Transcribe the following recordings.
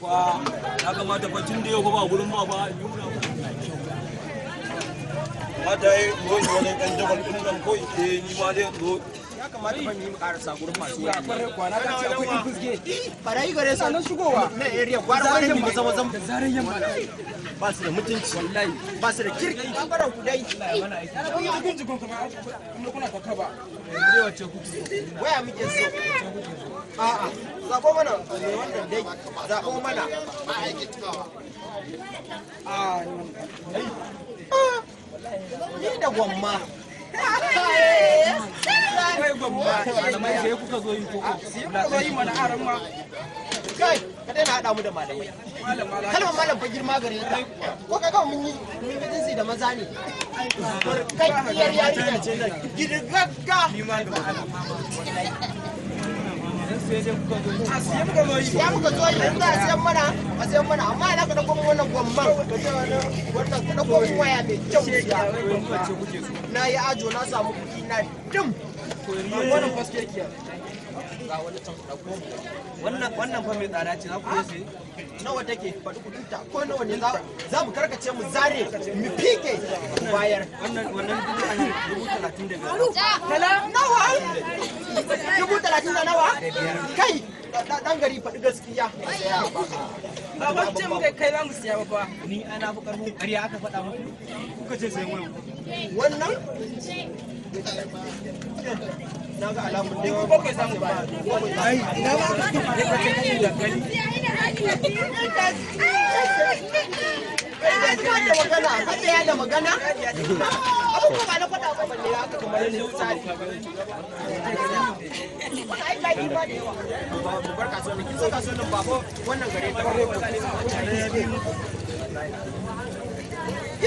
Ba, ya kamata fa tun da yau ba gurin ba ba yuna ba. Mata yi zoji wani ɗan jabal ɗin nan ko ike ni ma zo. Ya kamata fa ni gurin masu yi. Kwana ka ce akwai kuske. yi gare sa nan shigowa. Na area gwara wani ne zama zama. yamma. Ba su da mutunci. Wallahi. Ba su da kirki. An bara ku dai. yi abin jikon kuma kuma kuna ta kaba. Waya muke so. A'a. zaɓo mana mai wannan dai zaɓo mana ah, ni da gwamma kai gwamma malamai sai kuka zo yi koko ah, zo yi mana aran ma kai ka daina haɗa mu da malamai kalmar malam fa girma gare ka ko ka mun yi da maza ne kai kiyar yarinya da girgagga a siye muka zo yi ya muka zo yi yanzu a siyan mana a siyan mana amma idan ka dauko wannan gomman wannan ka dauko waya mai kyau na yi ajo na samu kuɗi na dim wannan faske wani can wannan wannan fa mai tsada ce za ku nawa take faɗi kudinta ko nawa ne za mu karkace mu zare mu fike bayar wannan wannan dubu an dubu talatin da biyar nawa dubu talatin da nawa kai dan gari faɗi gaskiya ba ba ce muka kai za mu siya ba ni ana fi aka faɗa kuka ce sai wani wannan na ga alamun samu ba ai da kamar yadda amfani da kai mu bar kasuwar nan kitso kasuwar nan babo wannan gare ta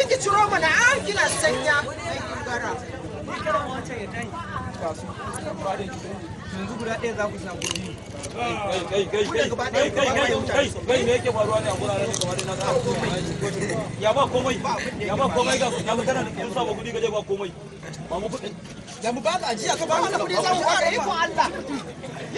ki ciro mana an kina sanya gara yanzu guda ɗaya za ku kai me na ga ya ba komai ya ba ba komai ba mu kudi da ba ka ajiya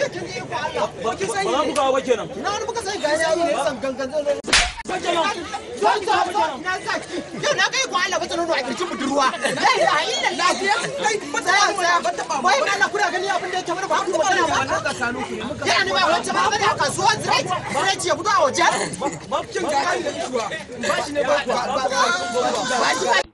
kin yi ba na ne Yau na kai kwa Allah bata nono a kirjin budurwa. La ilaha illallah. Ya kai bata ya tsaya bata ba. Wai Allah kuna gani abin da yake ba ba. ne ba ba a kasuwa zirai. Zirai gudu a wajen. Mafkin Ba shi ne ba ba. Ba shi ba.